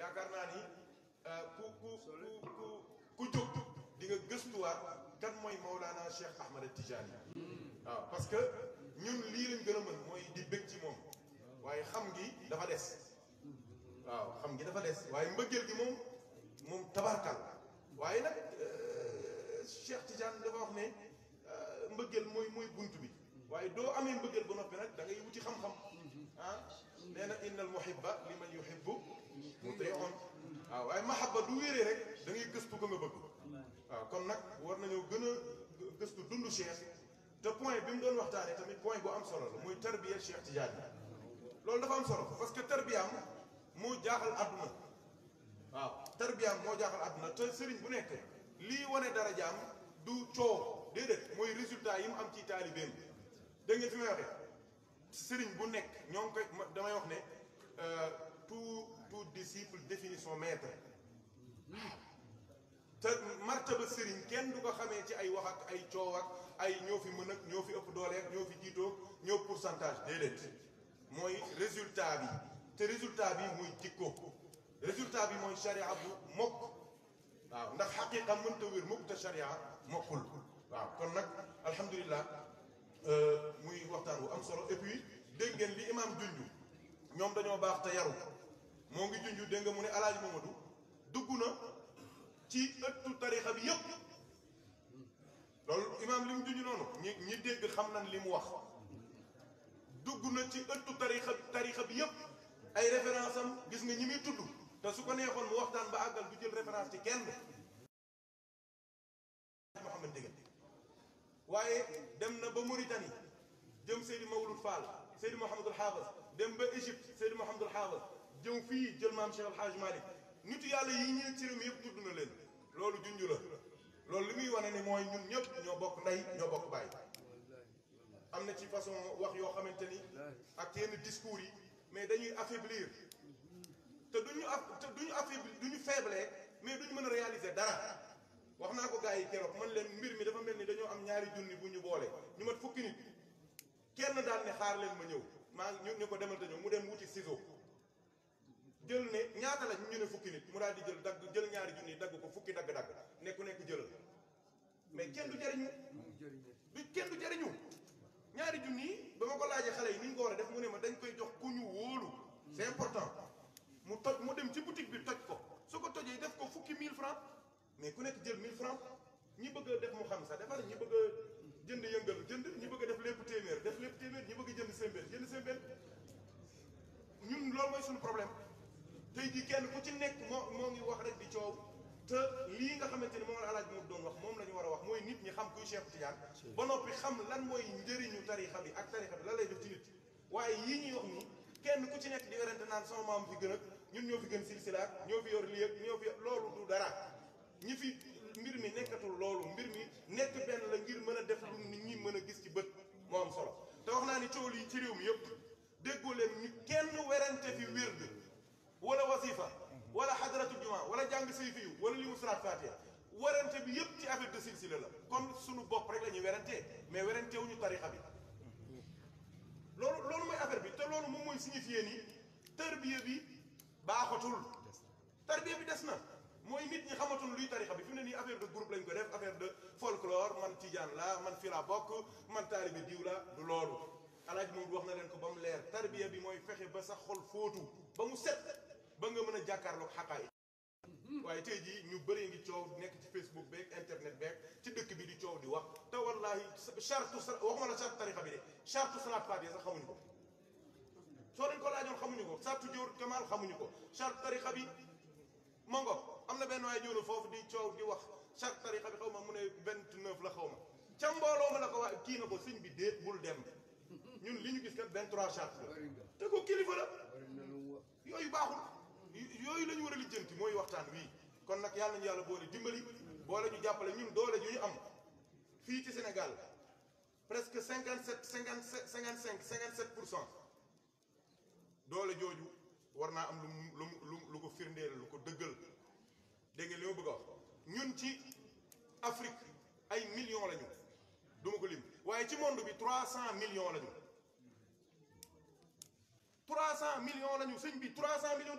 yaakaar naa ni euh, ku ku ku ku jóg di nga gëstuwaat kan mooy Mawlana Cheikh Ahmed Tidiane waaw parce que ñun lii lañ gën a mën mooy di bëgg ci moom waaye xam gi dafa des waaw xam ngi dafa des waaye mbëggeel gi moom moom tabarkal waaye nag euh, Cheikh Tidiane dafa wax ne euh, mbëggeel mooy mooy bunt bi waaye doo amee mbëggeel ba noppi nag da ngay wuti xam-xam ah nee na inna al muhibba liman yuhibbu mahabba du wéree rek da ngay gëstu ko nga bëgg waaw kon nag war nañoo gën a gëstu dundu Cheikh te point bi mu doon waxtaanee tamit point bu am solo la muy tarbiya Cheikh Tidiane loolu dafa am solo parce que tarbiyaam moo jaaxal àdduna waaw tarbiyaam moo jaaxal àdduna te sëriñ bu nekk lii wane dara jaam du coow déedéet mooy résultat yi mu am ci taalibeem dégg fi may waxee sëriñ bu nekk ñoo ngi koy damay wax ne euh, tout tout disciple définit son maître te martaba sëriñ kenn du ko xamee ci ay waxat ay coowaat ay ñoo fi mën ak ñoo fi ëpp doole ak ñoo fi jiitoo ñoo pourcentage déedéet mooy résultat bi te résultat bi muy jikko résultat bi mooy sharia bu mokk waaw ndax xaqiqa mënta wér mukk te sharia mokkul waaw kon nag alhamdulilah euh, muy waxtaan wu am solo et puis dégg ngeen li imaam junj ñoom dañoo baax te yaru moo ngi junj dégg nga mu ne alaaji Mamadou دغونا تي اتو تاريخا بي ييب لول امام لي مديني نونو ني ني ديغ خمنان لي مو واخ دغونا تي اتو تاريخا تاريخا بي ييب اي ريفرنسام غيس نغي نيمي تودو تا سوكو نيهون مو واختان با اغال دو جيل ريفرنس تي كين محمد ديغل waye dem na ba mauritanie dem seydi mawlud fall seydi mohamed al hafez dem ba egypte seydi mohamed al hafez dem fi jeul mam cheikh al hadj malik nitu yàlla yi ñëw ci réew yëpp tudd na leen loolu junj la loolu li muy wane ni mooy ñun ñëpp ñoo bokk ndey ñoo bokk baay am na ci façon wax yoo xamante ni ak yenn discours yi mais dañuy affaiblir te duñu af te duñu affaiblir duñu faible mais duñu mën a réaliser dara wax naa ko gaa yi keroog man leen mbir mi dafa mel ni dañoo am ñaari junni bu ñu boole ñu mat fukki nit kenn daal ne xaar leen ma ñëw maa ngi ñu ko demal te ñëw mu dem wuti ciseau. jël ne ñaata la ñu ne fukki nit mu daal di jël dagg jël ñaari junni dagg ko fukki dagg-dagg ne ku nekk jëlal mais kenn du jariñu du kenn du jariñu ñaari junni ba ma ko laajee xale yi ni ñu ko war a def mu ne ma dañ koy jox ku ñu wóolu c'est important mu toj mu dem ci boutique bi toj ko su ko tojee def ko fukki 1000 francs mais ku nekk jël 1000 francs ñi bëgg def mu xam sax defal ñi bëgg a jënd yëngal jënd ñi bëgg a def lépp téeméer def lépp téeméer ñi bëgg a jënd sembeen jënd sembeen ñun loolu mooy suñu problème tey jii kenn ku ci nekk moo moo ngi wax rek di coow te lii nga xamante ne moom la alaaj moom doon wax moom la ñu war a wax mooy nit ñi xam kuy Cheikh Tidiane ba noppi xam lan mooy njëriñu tarixa bi ak tarixa bi lan lay def ci nit waaye yii ñuy wax nii kenn ku ci nekk di werante naan sama maam fi gën ak ñun ñoo fi gën silsilaat ñoo fi yor lii ak ñoo fi loolu du dara ñi fi mbir mi nekkatul loolu mbir mi jàng sayfi yu wala li mu salaat faatiha werante bi yëpp ci affaire de silsila la comme suñu bopp rek la ñuy werantee mais werante wuñu tarixa bi loolu loolu mooy affaire bi te loolu moom mooy signifié ni tarbiya bi baaxatul tarbiya bi des na mooy nit ñi xamatul luy tarixa bi fi mu ne nii affaire de group lañ ko def affaire de folklore man tijaan la man fii laa bokk man taalibe diw la du loolu alaaj moom wax na leen ko ba mu leer tarbiya bi mooy fexe ba sa xol fóotu ba mu set ba nga mën a jàkkaarloog xaqaay waaye tey jii ñu bëri ngi coow nekk ci Facebook beeg internet beeg ci dëkk bi di coow di wax te wallaahi charte waxuma la charte tariqa bi de charte salaat faatiha sax xamuñu ko soo leen ko laajoon xamuñu ko sartu jawr kamaal xamuñu ko charte tariqa bi ma ngo am na benn waaye ñëw foofu di coow di wax charte tariqa bi xaw ma mu ne vingt-neuf la xaw ma ca mbooloo ma la ko wax kii na ko sëñ bi déet bul dem ñun li ñu gis kat vingt-trois charte la te ko kilifa la yooyu baaxul la ñu war a lijjanti mooy waxtaan wii kon nag yàlla ñu yàlla boole dimbali boole ñu jàppale ñun doole ju ñu am fii ci Sénégal presque cinquante sept cinquante sept cinquante cinq cinquante sept pour cent doole jooju war naa am lu mu lu lu ko firndeel lu ko dëggal dégg li ma bëgg a ñun ci Afrique ay millions la ñu duma ko lim waaye ci monde bi trois cent million la ñu trois cent millions bi trois cent millions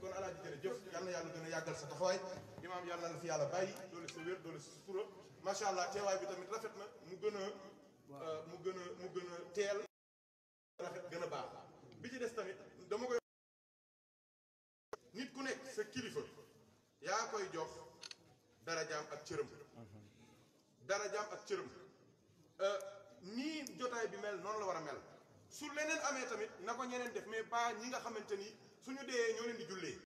kon alaaji jërëjëf yal na yàlla gën a yàggal sa taxawaay imaam yàlla na fi yàlla bàyyi doole sa wér doole sa sutura rafet na mu gën euh, mu gën mu gën a teel rafet gën a baax bi ci des tamit dama koy nit ku nekk sa kilifa yaa koy jox darajaam ak cërëm darajaam ak cërëm euh, nii jotaay bi mel noonu la war a mel su leneen amee tamit na ko ñeneen def mais baa ñi nga xamante ni suñu dee ñoo leen di jullee